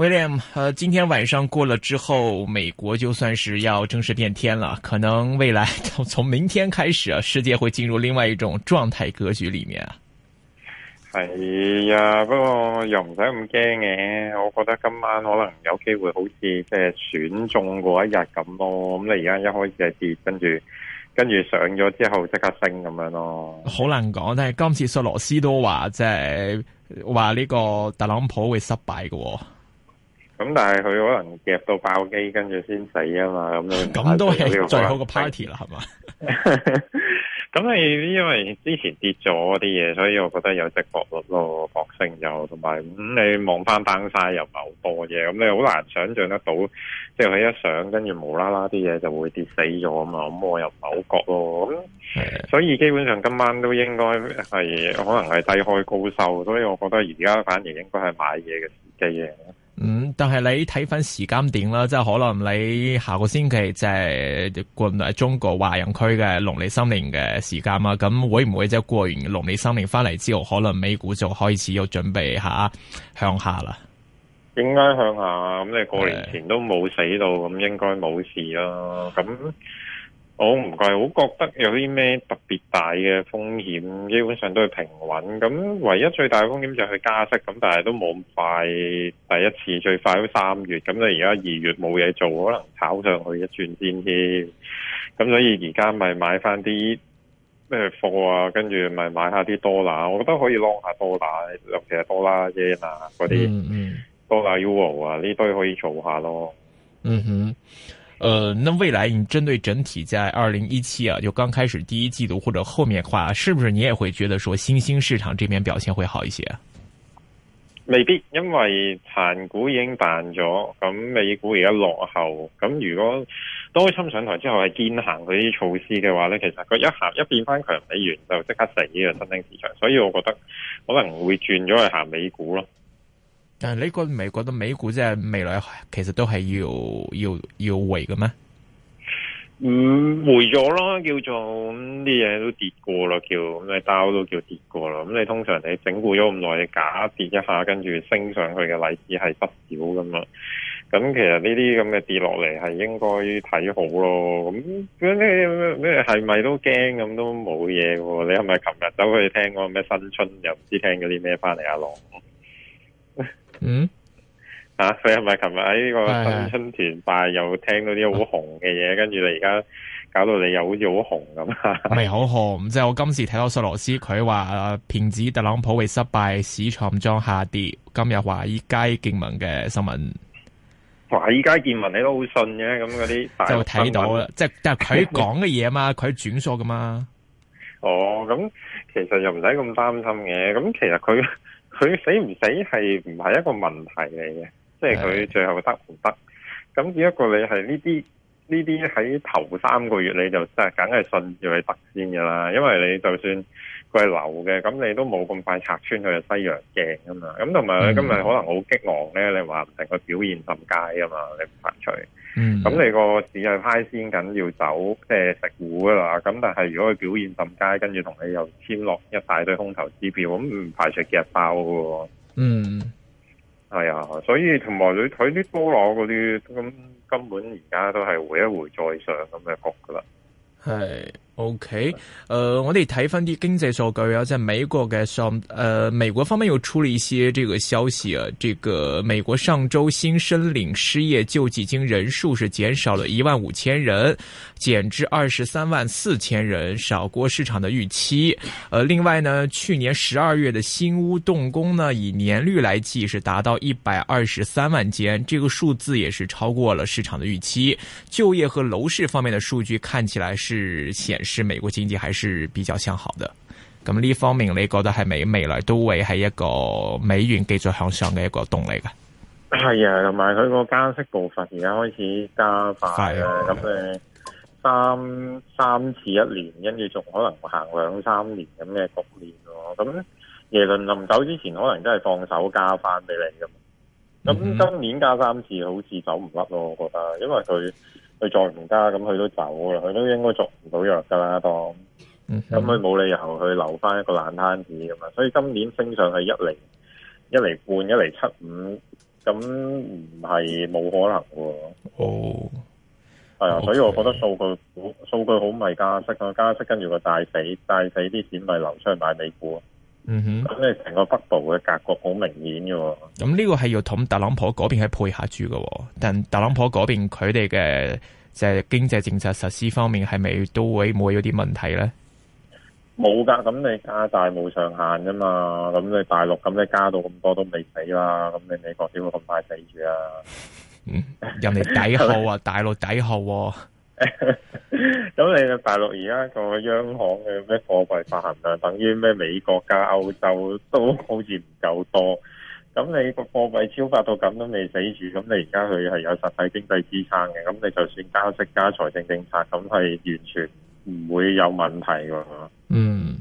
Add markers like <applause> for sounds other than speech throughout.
William，呃、今天晚上過了之後，美國就算是要正式變天了。可能未來從明天開始啊，世界會進入另外一種狀態格局裏面，哎、呀啊。係啊，不過又唔使咁驚嘅。我覺得今晚可能有機會好似即係選中嗰一日咁咯。咁、嗯、你而家一開始係跌，跟住跟住上咗之後即刻升咁樣咯。好難講，但係今次索羅斯都話即係話呢個特朗普會失敗嘅。咁但係佢可能夾到爆機，跟住先死啊嘛！咁咁都係最後個 party 啦，係嘛？咁係 <laughs> 因為之前跌咗啲嘢，所以我覺得有值博率咯，博升又同埋咁你望翻 down side 又唔係好多嘢，咁、嗯、你好難想像得到，即係佢一上，跟住無啦啦啲嘢就會跌死咗啊嘛！咁、嗯、我又唔係好覺咯，的所以基本上今晚都應該係可能係低開高收，所以我覺得而家反而應該係買嘢嘅時機啊！嗯，但係你睇翻時間點啦，即係可能你下個星期即係過嚟中國華人區嘅農曆新年嘅時間啦。咁會唔會即係過完農曆新年翻嚟之後，可能美股就開始有準備下向下啦？點解向下啊，咁你過年前都冇死到，咁應該冇事啦。咁。我唔怪，我覺得有啲咩特別大嘅風險，基本上都係平穩。咁唯一最大嘅風險就係加息，咁但係都冇咁快。第一次最快都三月，咁你而家二月冇嘢做，可能炒上去一轉先添。咁所以而家咪買翻啲咩貨啊，跟住咪買下啲多啦。我覺得可以 long 下多啦，尤其係多啦 yen 啊嗰啲，多啦 euro 啊呢堆可以做下咯。嗯哼。呃，那未來你針對整體在二零一七啊，就剛開始第一季度或者後面話，是不是你也會覺得說新興市場這邊表現會好一些啊？未必，因為港股已經彈咗，咁美股而家落後，咁如果多侵上台之後係堅行佢啲措施嘅話呢，其實佢一行一變翻強美元就即刻死啊！新興市場，所以我覺得可能會轉咗去行美股咯。但係呢個美國都美股即係未來其實都係要要要回嘅咩？嗯，回咗啦，叫做啲嘢都跌過啦，叫你刀都叫跌過啦。咁你通常你整固咗咁耐，你假跌一下，跟住升上去嘅例子係不少噶嘛。咁其實呢啲咁嘅跌落嚟係應該睇好咯。咁咁你咩係咪都驚咁都冇嘢嘅？你係咪琴日走去聽過咩新春又唔知聽嗰啲咩翻嚟啊？龍？嗯，啊，你係咪琴日喺呢個新春團拜又聽到啲好紅嘅嘢，跟住、嗯、你而家搞到你又好似好紅咁？唔係好紅，即係我今次睇到索羅斯佢話騙子特朗普會失敗，市場將下跌。今日華爾街見聞嘅新聞，華爾街見聞你都好信嘅？咁嗰啲就睇到啦，即係但係佢講嘅嘢嘛，佢轉數噶嘛。哦，咁其實又唔使咁擔心嘅。咁其實佢。 <laughs> 佢死唔死係唔係一個問題嚟嘅，即係佢最後得唔得？咁的只不過你係呢啲呢啲喺頭三個月你就即係梗係信住佢得先噶啦，因為你就算佢係流嘅，咁你都冇咁快拆穿佢嘅西洋鏡啊嘛。咁同埋今日可能好激昂咧，你話唔定佢表現咁佳啊嘛，你唔排除。嗯，咁、mm hmm. 你個市係派先緊要走，即係食糊噶啦。咁但係如果佢表現甚佳，跟住同你又簽落一大堆空頭支票，咁唔排除夾包噶喎。嗯、mm，係、hmm. 啊，所以同埋你睇啲波羅嗰啲，咁根本而家都係回一回再上咁嘅局噶啦。係。O K，呃，我哋睇翻啲經濟數據，喺美國嘅上，呃，美國方面又出了一些這個消息啊，這個美國上周新申領失業救濟金人數是減少了一萬五千人，減至二十三萬四千人，少過市場的預期。呃，另外呢，去年十二月的新屋動工呢，以年率來計是達到一百二十三萬間，這個數字也是超過了市場的預期。就業和樓市方面的數據看起來是顯示。是美國經濟還是比較向好的，咁呢方面你覺得係未未來都會係一個美元繼續向上嘅一個動力嘅？係啊，同埋佢個加息步伐而家開始加快啦，咁誒、啊啊、三三次一年，跟住仲可能行兩三年咁嘅局面咯。咁耶倫臨走之前可能都係放手加翻俾你咁，咁今年加三次好似走唔甩咯，我覺得，因為佢。佢再唔加，咁佢都走啦，佢都應該捉唔到藥㗎啦，當咁佢冇理由去留翻一個爛攤子㗎嘛，所以今年升上去一厘一厘半一厘七五，咁唔係冇可能喎。哦，係啊，所以我覺得數據好，數據好咪加息啊，加息跟住個大死，大死啲錢咪流出去買美股啊。嗯哼，咁你成個北部嘅格局好明顯嘅喎。咁呢個係要同特朗普嗰邊係配合住嘅。但特朗普嗰邊佢哋嘅即係經濟政策實施方面係咪都會冇有啲問題咧？冇噶，咁你加大冇上限噶嘛。咁你大陸咁你加到咁多都未死啦。咁你美國點會咁快死住啊？嗯，人哋底耗啊， <laughs> 大陸底耗啊。咁 <laughs> 你嘅大陸而家個央行嘅咩貨幣發行量等於咩美國加歐洲都好似唔夠多，咁你個貨幣超發到咁都未死住，咁你而家佢係有實體經濟支撐嘅，咁你就算加息加財政政策，咁係完全唔會有問題噶。嗯，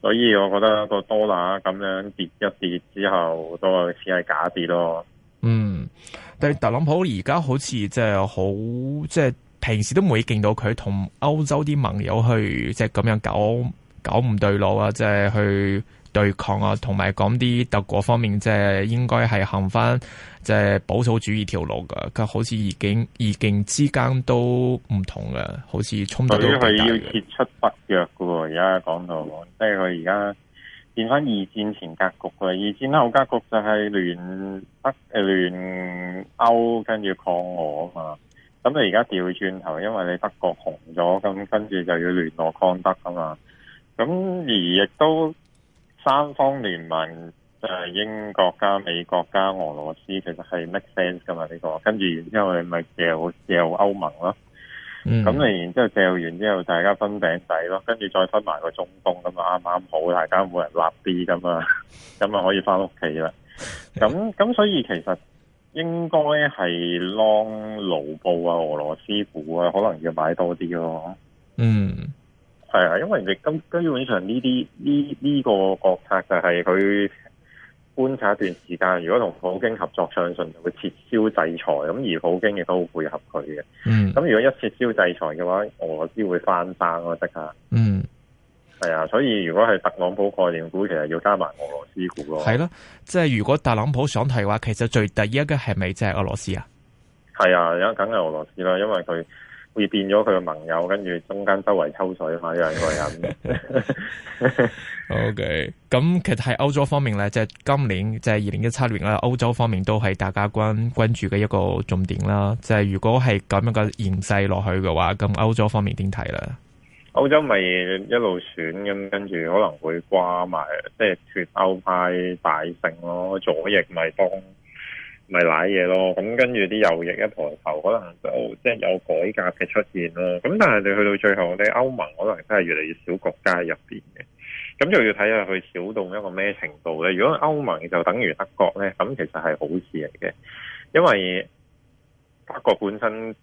所以我覺得個多拿咁樣跌一跌之後都係似係假跌咯。嗯，但係特朗普而家好似即係好即係。就是平時都唔會見到佢同歐洲啲盟友去即係咁樣搞搞唔對路啊！即係去對抗啊，同埋講啲德國方面即係應該係行翻即係保守主義條路噶。佢好似二境二境之間都唔同噶，好似衝突都比較大。對於佢要撤出北約嘅，而家講到即係佢而家變翻二戰前格局，二戰後格局就係聯北誒聯歐跟住抗俄啊嘛。咁你而家掉轉頭，因為你德國紅咗，咁跟住就要聯絡康德噶嘛。咁而亦都三方聯盟，就係、是、英國加美國加俄羅斯，其實係 make sense 噶嘛呢、這個。跟住然之後你咪掉掉歐盟啦。咁你然之後掉完之後，大家分餅仔咯，跟住再分埋個中東咁啊，啱啱好，大家冇人立 B 咁啊，咁 <laughs> 啊、嗯、可以返屋企啦。咁咁所以其實。應該係 Long 盧布啊，俄羅斯股啊，可能要買多啲咯、啊。嗯，係啊，因為你根根本上呢啲呢呢個國策就係佢觀察一段時間，如果同普京合作，相信就會撤銷制裁，咁而普京亦都好配合佢嘅。嗯，咁如果一撤銷制裁嘅話，俄羅斯會翻生咯、啊，得㗎。嗯。係啊，所以如果係特朗普概念股，其實要加埋俄羅斯股咯。係咯，即係如果特朗普想睇嘅話，其實最第一個係咪即係俄羅斯啊？係啊，而梗係俄羅斯啦，因為佢會變咗佢嘅盟友，跟住中間周圍抽水啊嘛，呢、這、兩個人。 <laughs> <laughs> OK，咁其實喺歐洲方面咧，即、就、係、是，今年即係二零一七年咧，歐洲方面都係大家關關注嘅一個重點啦。即、就、係、是，如果係咁樣嘅形勢落去嘅話，咁歐洲方面點睇咧？歐洲咪一路選，咁跟住可能會掛埋，即係脫歐派大勝咯。左翼咪當咪瀨嘢咯。咁、就是、跟住啲右翼一抬頭，可能就即係有改革嘅出現咯。咁但係你去到最後你歐盟可能真係越嚟越少國家喺入邊嘅。咁就要睇下佢少到一個咩程度咧。如果歐盟就等於德國咧，咁其實係好事嚟嘅，因為德國本身。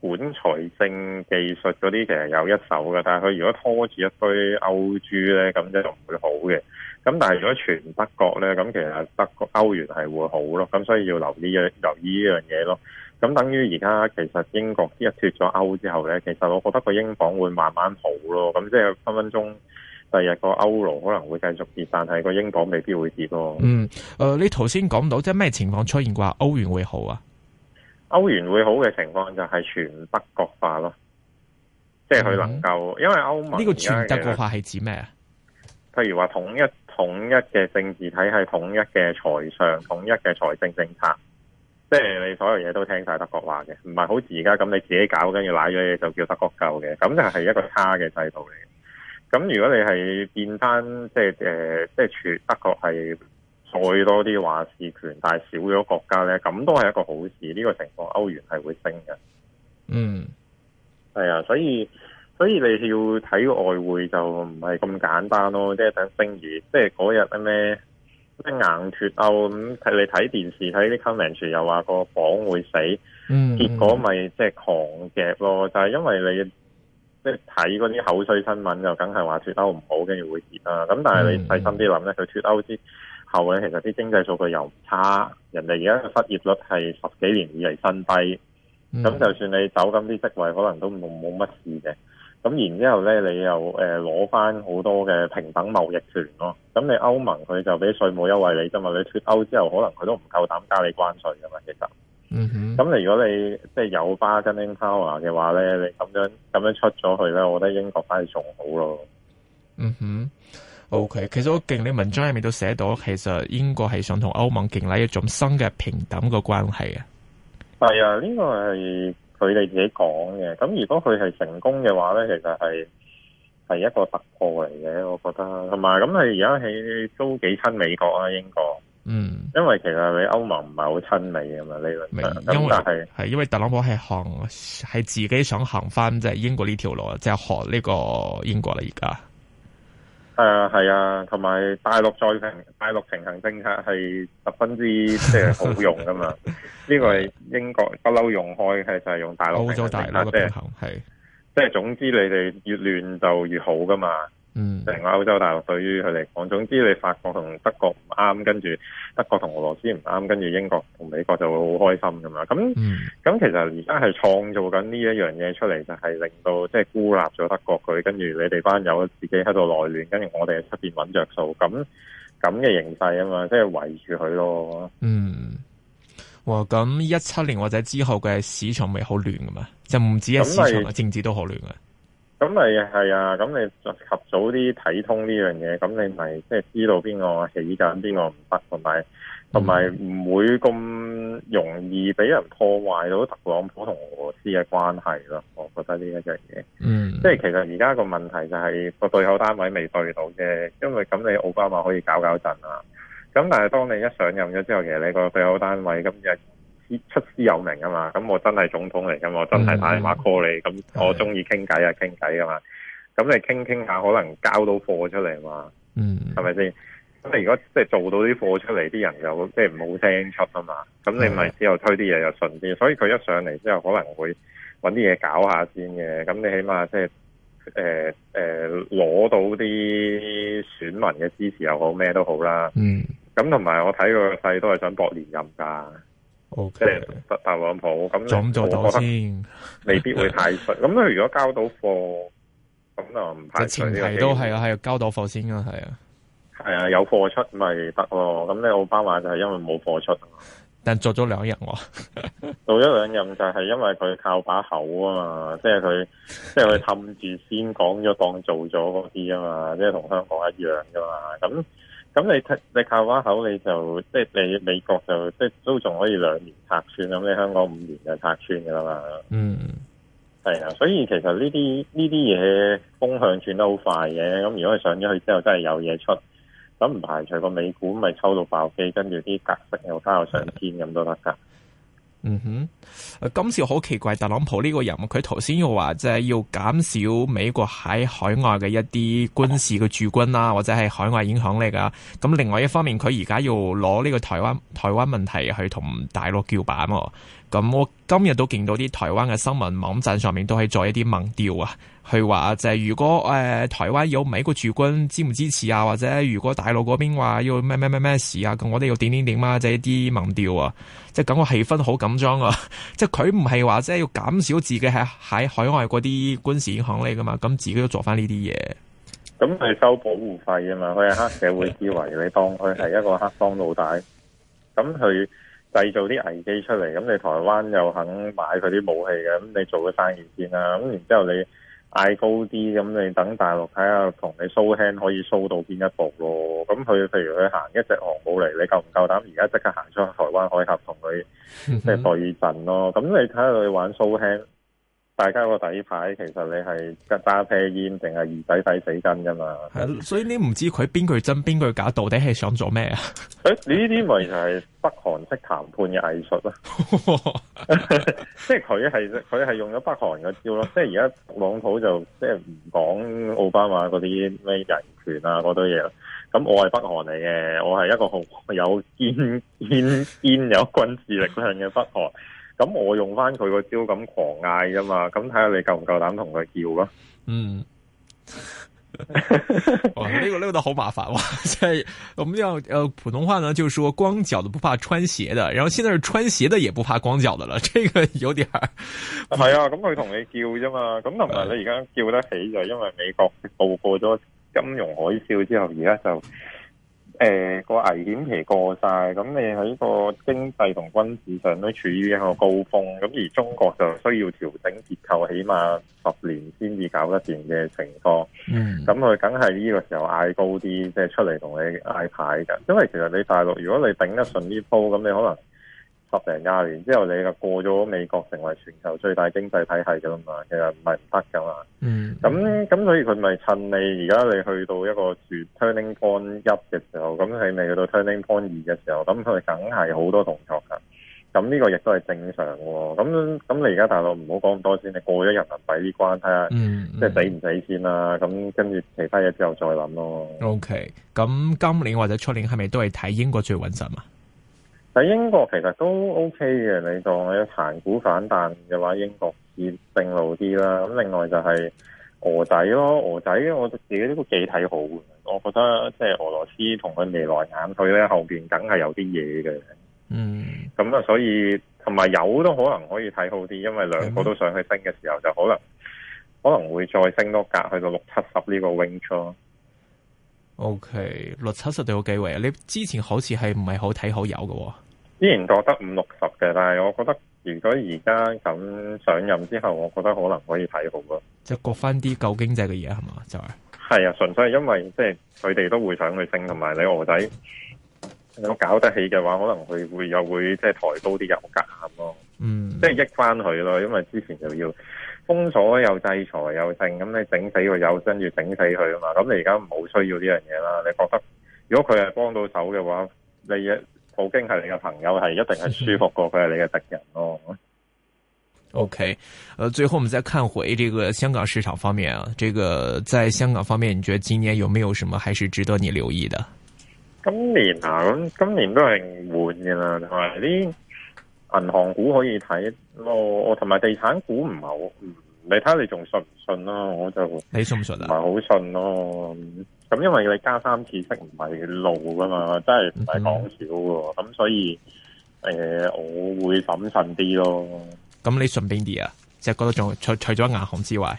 管財政技術嗰啲其實有一手嘅，但係佢如果拖住一堆歐豬咧，咁就唔會好嘅。咁但係如果全德國咧，咁其實德國歐元係會好咯。咁所以要留意一留意呢樣嘢咯。咁等於而家其實英國一脫咗歐之後咧，其實我覺得個英鎊會慢慢好咯。咁即係分分鐘第二日個歐羅可能會繼續跌，但係個英鎊未必會跌咯。嗯，誒、呃，你頭先講到即係咩情況出現啩？歐元會好啊？歐元會好嘅情況就係全德國化咯，即係佢能夠，嗯、因為歐盟呢個全德國化係指咩啊？譬如話統一統一嘅政治體系、統一嘅財相、統一嘅財政政策，即係你所有嘢都聽晒德國話嘅，唔係好似而家咁你自己搞，跟要，賴咗嘢就叫德國救嘅，咁就係一個差嘅制度嚟。咁如果你係變翻即係誒，即係、呃、全德國係。再多啲話事權，但係少咗國家咧，咁都係一個好事。呢、這個情況歐元係會升嘅。嗯，係啊，所以所以你要睇外匯就唔係咁簡單咯，就是。即係想升住，即係嗰日咩即硬脱歐咁。睇，嗯、你睇電視睇啲 comment 又話個鎊會死，嗯，結果咪即係狂夾咯。就係、是，因為你即係睇嗰啲口水新聞就梗係話脱歐唔好，跟住會跌啦。咁，嗯嗯嗯嗯，但係你細心啲諗咧，佢脱歐先。後咧，其實啲經濟數據又唔差，人哋而家嘅失業率係十幾年以嚟新低，咁、mm hmm. 就算你走緊啲職位，可能都冇冇乜事嘅。咁然之後咧，你又誒攞翻好多嘅平等貿易權咯。咁你歐盟佢就俾稅務優惠你啫嘛。你脱歐之後，可能佢都唔夠膽加你關稅噶嘛。其實，嗯哼、mm，咁、hmm. 你如果你即係有 bargaining power 嘅話咧，你咁樣咁樣出咗去咧，我覺得英國反而仲好咯。嗯哼、mm。Hmm. O、okay, K，其實我勁你文章入面都寫到，其實英國係想同歐盟建立一種新嘅平等嘅關係嘅。係啊，呢、這個係佢哋自己講嘅。咁如果佢係成功嘅話咧，其實係係一個突破嚟嘅，我覺得。同埋咁，你而家係都幾親美國啊，英國。嗯，因為其實你歐盟唔係好親美啊嘛，呢個美。咁但係係因為特朗普係行，係自己想行翻即係英國呢條路，即係學呢個英國啦，而家。係啊，係啊，同埋大陸再平，大陸平衡政策係十分之即係好用噶嘛。呢、這個係英國不嬲用開，嘅，就係、是、用大陸平衡政策，即係是是總之你哋越亂就越好噶嘛。嗯，成個歐洲大陸對於佢嚟講，總之你法國同德國唔啱，跟住德國同俄羅斯唔啱，跟住英國同美國就會好開心咁啊！咁咁、嗯、其實而家係創造緊呢一樣嘢出嚟，就係、是、令到即係、就是、孤立咗德國佢，跟住你哋班友自己喺度內亂，跟住我哋喺出邊搵着數，咁咁嘅形勢啊嘛，即係圍住佢咯。嗯，哇！咁一七年或者之後嘅市場咪好亂噶嘛？就唔止係市場是政治都好亂啊。咁咪係啊！咁你及早啲睇通呢樣嘢，咁你咪即係知道邊個起緊，邊個唔得，同埋同埋唔會咁容易俾人破壞到特朗普同俄羅斯嘅關係咯。我覺得呢一樣嘢，嗯，即係其實而家個問題就係個對口單位未對到啫，因為咁你奧巴馬可以搞搞震啊。咁但係當你一上任咗之後，其實你個對口單位咁又～出師有名啊嘛，咁我真係總統嚟噶嘛，我真係打電話 call 你，咁、mm hmm. 我中意傾偈啊，傾偈噶嘛，咁你傾傾下，可能交到貨出嚟嘛。嗯、mm，係咪先？咁你如果即係做到啲貨出嚟，啲人又即係唔好聲出啊嘛，咁你咪之後推啲嘢又順啲，mm hmm. 所以佢一上嚟之後，可能會搵啲嘢搞下先嘅，咁你起碼即係誒誒攞到啲選民嘅支持又好，咩都好啦。嗯、mm，咁同埋我睇佢個勢都係想博連任噶。O K，特朗普咁做唔做到先，未必會派出。咁咧，如果交到貨，咁啊唔派。順。前提都係要喺度交到貨先啊，係啊，係啊，有貨出咪得咯。咁咧，奧巴馬就係因為冇貨出啊、哦、 <laughs> 嘛。但、就是、 <laughs> 做咗兩日喎，做咗兩任就係因為佢靠把口啊嘛，即係佢即係佢氹住先講咗當做咗嗰啲啊嘛，即係同香港一樣噶嘛，咁。咁你睇你靠把口，你就即係你，你美國就即係都仲可以兩年拆穿，咁你香港五年就拆穿噶啦嘛。嗯，係啊，所以其實呢啲呢啲嘢風向轉得好快嘅。咁如果係上咗去之後，真係有嘢出，咁唔排除個美股咪抽到爆機，跟住啲格式又翻到上天咁都得噶。嗯哼，今次好奇怪，特朗普呢個人，佢頭先又話即係要減少美國喺海外嘅一啲軍事嘅駐軍啊，或者係海外影響力啊。咁另外一方面，佢而家要攞呢個台灣台灣問題去同大陸叫板。咁我今日都見到啲台灣嘅新聞網站上面都係做一啲民調啊，佢話就係如果誒、呃、台灣有美國駐軍支唔支持啊，或者如果大陸嗰邊話要咩咩咩咩事啊，咁我哋要點點點嘛、就係、一啲民調啊，即係一啲民調啊，即係感覺氣氛好緊張啊，即係佢唔係話即係要減少自己喺喺海外嗰啲軍事影響力噶嘛，咁自己都做翻呢啲嘢。咁係收保護費啊嘛，佢係黑社會思維，你當佢係一個黑幫老大，咁佢。製造啲危機出嚟，咁你台灣又肯買佢啲武器嘅，咁你做個生意先啦、啊。咁然之後你嗌高啲，咁你等大陸睇下同你 show hand 可以 show 到邊一步咯。咁佢譬如佢行一隻航母嚟，你夠唔夠膽而家即刻行出去台灣海峽同佢即係對陣咯？咁你睇下佢玩 show hand。大家個底牌其實你係揸車煙定係二仔仔死跟㗎嘛？係，所以你唔知佢邊句真邊句假，到底係想做咩啊？誒，呢啲咪就係北韓式談判嘅藝術咯， <laughs> <laughs> 即係佢係佢係用咗北韓嘅招咯。即係而家特朗普就即係唔講奧巴馬嗰啲咩人權啊嗰堆嘢。咁我係北韓嚟嘅，我係一個好有堅堅堅有軍事力量嘅北韓。咁我用翻佢個招咁狂嗌啊嘛，咁睇下你夠唔夠膽同佢叫咯。嗯，呢、 <laughs> 這個呢個都好麻煩哇！即 <laughs> 係我們要，誒，普通話呢就說光腳都不怕穿鞋嘅，然後現在是穿鞋嘅也不怕光腳嘅了，呢、這個有點。係 <laughs> 啊，咁佢同你叫啫嘛，咁同埋你而家叫得起就係因為美國暴破咗金融海嘯之後，而家就。 <laughs> 誒個危險期過晒，咁你喺個經濟同軍事上都處於一個高峰，咁而中國就需要調整結構，起碼十年先至搞得掂嘅情況。嗯，咁佢梗係呢個時候嗌高啲，即係出嚟同你嗌牌嘅。因為其實你大陸，如果你頂得順呢鋪，咁你可能。十零廿年之後，你就過咗美國，成為全球最大經濟體系噶啦嘛，其實唔係唔得噶嘛。嗯，咁咁所以佢咪趁你而家你去到一個轉 turning point 一嘅時候，咁你咪去到 turning point 二嘅時候，咁佢梗係好多動作噶。咁呢個亦都係正常嘅。咁咁你而家大佬唔好講咁多先，你過咗人民幣呢關，睇下即係抵唔抵先啦，啊。咁跟住其他嘢之後再諗咯。O K，咁今年或者出年係咪都係睇英國最穩陣啊？喺英國其實都 OK 嘅，你當啲恒股反彈嘅話，英國要正路啲啦。咁另外就係俄仔咯，俄仔我自己都幾睇好。我覺得即係俄羅斯同佢未來眼去咧，後邊梗係有啲嘢嘅。嗯，咁啊、嗯，所以同埋有，有都可能可以睇好啲，因為兩個都上去升嘅時候，就可能可能會再升多格，去到六七十呢個泳錯。O、okay, K，六七十都有機會。你之前好似係唔係好睇好油嘅、哦？之前覺得五六十嘅，但係我覺得如果而家咁上任之後，我覺得可能可以睇好咯。即係割翻啲舊經濟嘅嘢係嘛？就係、是、係啊，純粹係因為即係佢哋都會想去升，同埋你俄仔如果搞得起嘅話，可能佢會又會即係抬高啲油價。嗯，即係益翻佢咯，因為之前就要封鎖又制裁又剩，咁你整死個友真要整死佢啊嘛，咁你而家唔好需要呢樣嘢啦。你覺得如果佢係幫到手嘅話，你普京係你嘅朋友係一定係舒服過佢係你嘅敵人咯。OK，誒、呃，最後我們再看回這個香港市場方面啊，這個在香港方面，你覺得今年有沒有什麼還是值得你留意的？今年啊，咁今年都係換嘅啦，同啲。銀行股可以睇咯，我同埋地產股唔係好，你睇下你仲信唔信啦、啊？我就你信唔信啊？唔係好信咯，咁因為你加三次息唔係路噶嘛，真係唔係講少噶，咁、嗯嗯、所以誒、呃、我會審慎啲咯。咁你信邊啲啊？即、就、係、是、覺得仲除除咗銀行之外，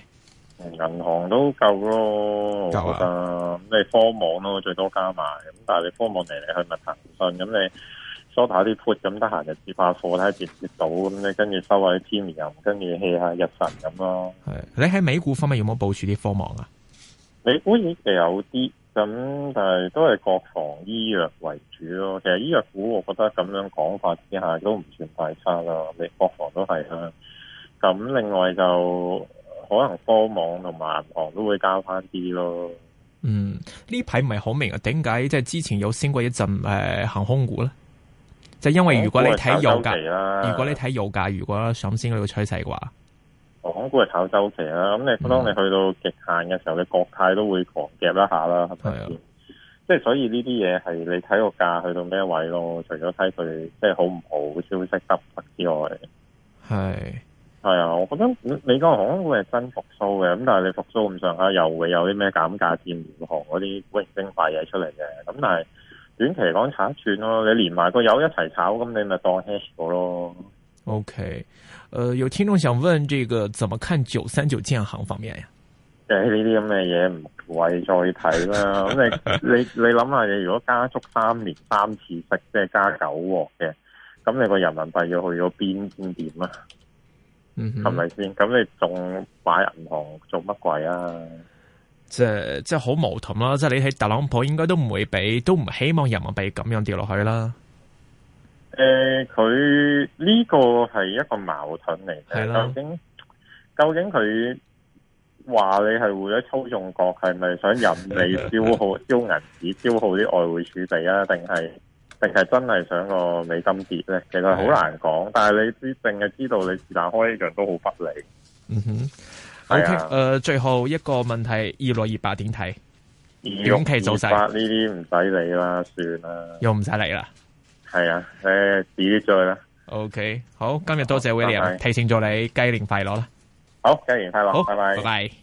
銀行都夠咯，夠啊！你科網咯，最多加埋，咁但係你科網嚟嚟去去咪騰訊，咁你。梳下啲 put 咁，得閒就接下貨咧，接接到咁你跟住收下啲天油，跟住 hea 下日神咁咯。係你喺美股方面有冇部署啲科網啊？美股其實有啲咁，但係都係國防醫藥為主咯。其實醫藥股我覺得咁樣講法之下都唔算太差啦。你國防都係啦。咁另外就可能科網同埋銀行都會交翻啲咯。嗯，呢排唔係好明啊？點解即係之前有升過一陣誒，航、呃、空股咧？就因為如果你睇油價，如果你睇油價，如果上升嗰個趨勢嘅話，港股係炒周期啦。咁你當、嗯、你，你去到極限嘅時候，你國泰都會狂夾一下啦，係咪先？是是啊、即係所以呢啲嘢係你睇個價去到咩位咯？除咗睇佢即係好唔好消息突破之外，係係是啊！我覺得美國航空股係真復甦嘅，咁但係你復甦咁上下、啊，又會有啲咩減價、戰、聯航嗰啲永生快嘢出嚟嘅。咁但係。短期嚟講炒一寸咯，你連埋個油一齊炒，咁你咪當 hedge 我咯。OK，誒、呃，有聽眾想問，這個怎麼看九三九建行方面呀？誒、呃，呢啲咁嘅嘢唔為再睇啦。咁 <laughs> 你你你諗下，你,你想想如果加速三年三次息，即係加九鑊嘅，咁你個人民幣要去咗邊先點啊？嗯哼，係咪先？咁你仲買銀行做乜鬼啊？即係即係好矛盾啦！即係你睇特朗普應該都唔會俾，都唔希望人民幣咁樣跌落去啦。誒、呃，佢呢個係一個矛盾嚟嘅，是、啊，究竟究竟佢話你係會喺操縱國，係咪想任你消耗、燒銀紙、消耗啲外匯儲備啊？定係定係真係想個美金跌咧？其實好難講，是啊，但係你知，淨係知道你是但開一樣都好不利。嗯哼。O K，誒，最後一個問題二六二八點睇？永琪主席呢啲唔使理啦，算啦，又唔使理啦，係啊，誒， <noise> 自己再啦。O K，好，今日多謝、謝 William 提醒咗你，雞年快樂啦！好，雞年快樂，好，拜拜，好拜拜。拜拜。